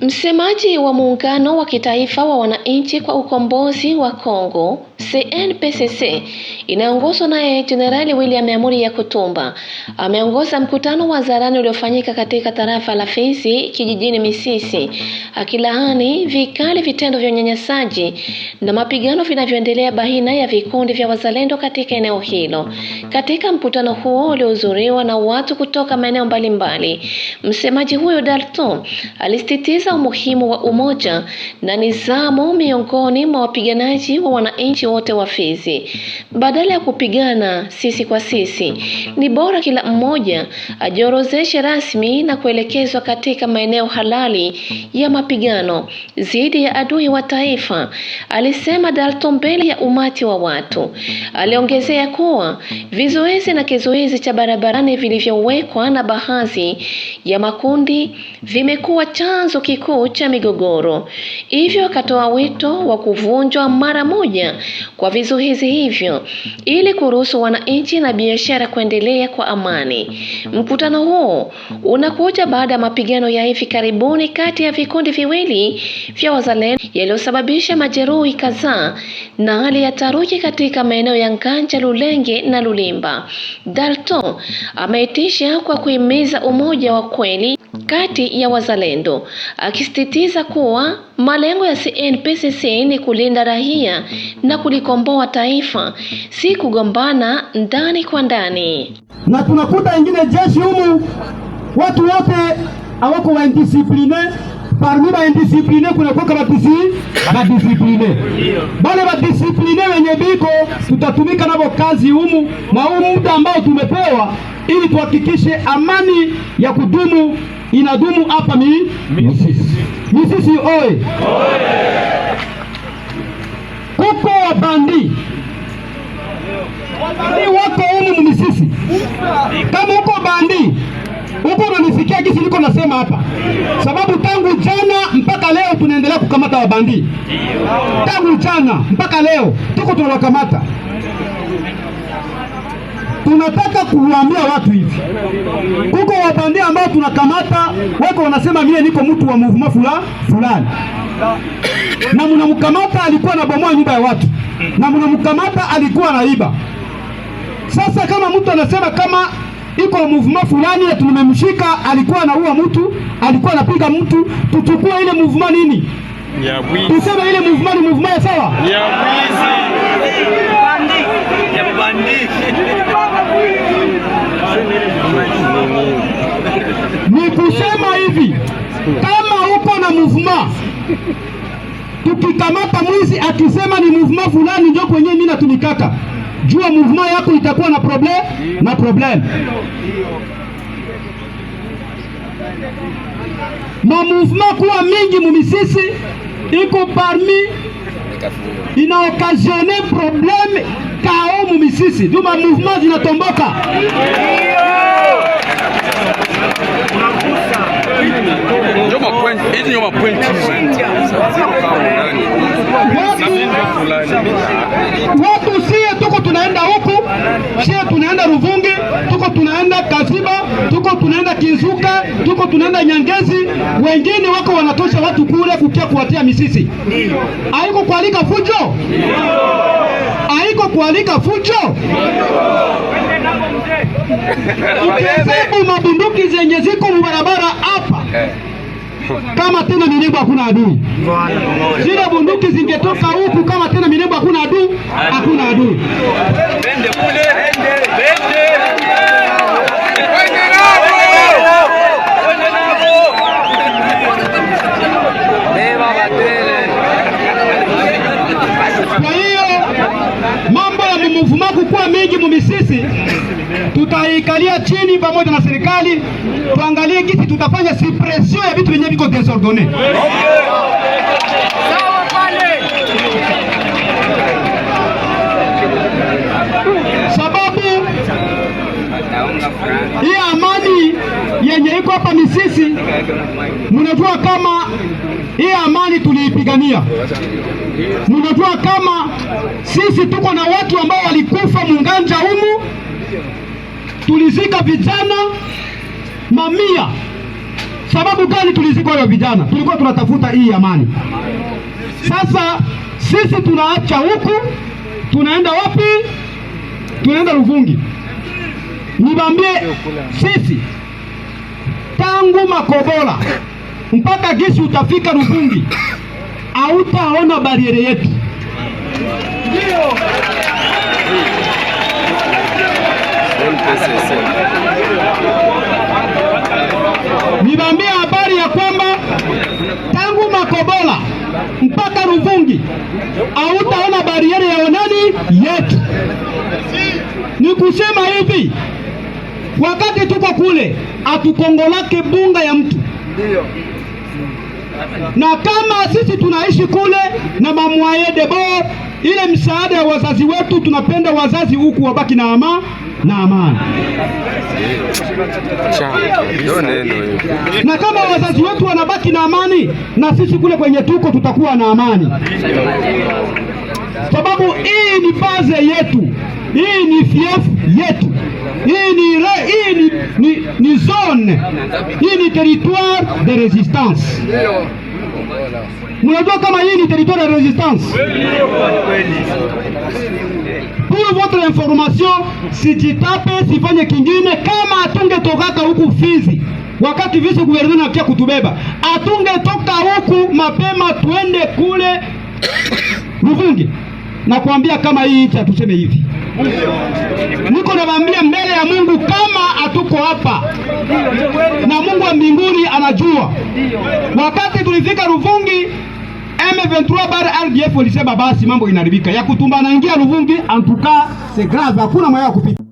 Msemaji wa muungano wa kitaifa wa wananchi kwa ukombozi wa Kongo CNPCC inayoongozwa naye Jenerali William Amuri ya kutumba ameongoza mkutano wa zarani uliofanyika katika tarafa la Fizi kijijini Misisi, akilaani vikali vitendo vya unyanyasaji na mapigano vinavyoendelea baina ya vikundi vya wazalendo katika eneo hilo. Katika mkutano huo uliohudhuriwa na watu kutoka maeneo mbalimbali, msemaji huyo Dalto alisisitiza umuhimu wa umoja na nidhamu miongoni mwa wapiganaji wa wananchi wote wa Fizi. Badala ya kupigana sisi kwa sisi, ni bora kila mmoja ajiorozeshe rasmi na kuelekezwa katika maeneo halali ya mapigano dhidi ya adui wa taifa, alisema Dalton mbele ya umati wa watu. Aliongezea kuwa vizuizi na kizuizi cha barabarani vilivyowekwa na baadhi ya makundi vimekuwa chanzo kikuu cha migogoro, hivyo akatoa wito wa kuvunjwa mara moja kwa vizuizi hivyo ili kuruhusu wananchi na biashara kuendelea kwa amani. Mkutano huo unakuja baada ya mapigano ya hivi karibuni kati ya vikundi viwili vya wazalendo yaliyosababisha majeruhi kadhaa na hali ya taruki katika maeneo ya Nganja, Lulenge na Lulimba. Dalton ameitisha kwa kuhimiza umoja wa kweli kati ya wazalendo, akisisitiza kuwa malengo ya CNPSC ni kulinda raia na kulikomboa taifa, si kugombana ndani kwa ndani. Na tunakuta wengine jeshi humu watu wote hawako wa indisipline parmi ba kama tisi ba discipline bale discipline wenye biko tutatumika nabo kazi humu na huu muda ambao tumepewa, ili tuhakikishe amani ya kudumu inadumu hapa mi Misisi. Misisi oye! Kuko wabandi bandi wako umu mumisisi Kama uko bandi uko unanisikia gisi niko nasema hapa, sababu tangu jana mpaka leo tunaendelea kukamata wabandi, tangu jana mpaka leo tuko tunawakamata tunataka kuwaambia watu hivi, kuko wabandia ambao tunakamata wako wanasema mie niko mtu wa muvuma fulani fulani, na mnamkamata alikuwa na bomoa nyumba ya watu, na mnamkamata alikuwa iba Sasa kama mtu anasema kama iko muvuma fulani na tumemshika, alikuwa anaua mtu, alikuwa anapiga mtu, tuchukue ile muvuma nini, tuseme ile muvuma ni muvuma ya sawa ya ya ni kusema hivi, kama uko na muvuma, tukikamata mwizi akisema ni muvuma fulani njo kwenye mimi natunikata, jua muvuma yako itakuwa na problem na problem mamuvuma kuwa mingi mumisisi iko parmi ina okazione probleme kao mumisisi ndio ma mouvement zinatomboka tuko tunaenda Nyangezi, wengine wako wanatosha watu kule kukia kuwatia misisi. Haiko kualika fujo, haiko kualika fujo. Ukihesabu mabunduki zenye ziko mbarabara hapa kama tena minembo hakuna adui. Zile bunduki zingetoka huku, kama tena minembo hakuna adui, hakuna adui. sisi tutaikalia chini pamoja na serikali tuangalie kisi tutafanya suppression ya vitu vyenyewe viko desordone. Mnajua kama hii amani tuliipigania, mnajua kama sisi tuko na watu ambao walikufa munganja humu, tulizika vijana mamia. Sababu gani tulizika hiyo vijana? Tulikuwa tunatafuta hii amani. Sasa sisi tunaacha huku, tunaenda wapi? Tunaenda Luvungi. Nibambie sisi tangu Makobola mpaka gisi utafika Rubungi hautaona bariere yetu. nibambia habari ya kwamba tangu Makobola mpaka Ruvungi hautaona bariere ya onani yetu. Ni kusema hivi, wakati tuko kule hatukongolake bunga ya mtu na kama sisi tunaishi kule na debo ile msaada ya wazazi wetu, tunapenda wazazi huku wabaki na ama na amani, na kama wazazi wetu wanabaki na amani, na sisi kule kwenye tuko tutakuwa na amani, sababu hii ni baze yetu, hii ni fief yetu, hii ni ni, ni zone hii, ni territoire de resistance. Mnajua kama hii ni territoire de resistance. Pour votre information, sijitape sifanye kingine kama atungetokaka huku Fizi wakati vise guvernema nakia kutubeba, atungetoka huku mapema tuende kule Luvungi na kuambia kama hii nchi tuseme hivi niko nawaambia mbele ya Mungu kama hatuko hapa na Mungu wa mbinguni anajua. Wakati tulifika Ruvungi M23 bara RDF walisema basi mambo inaribika ya kutumba, ingia Ruvungi antuka grave hakuna mwaya kupita.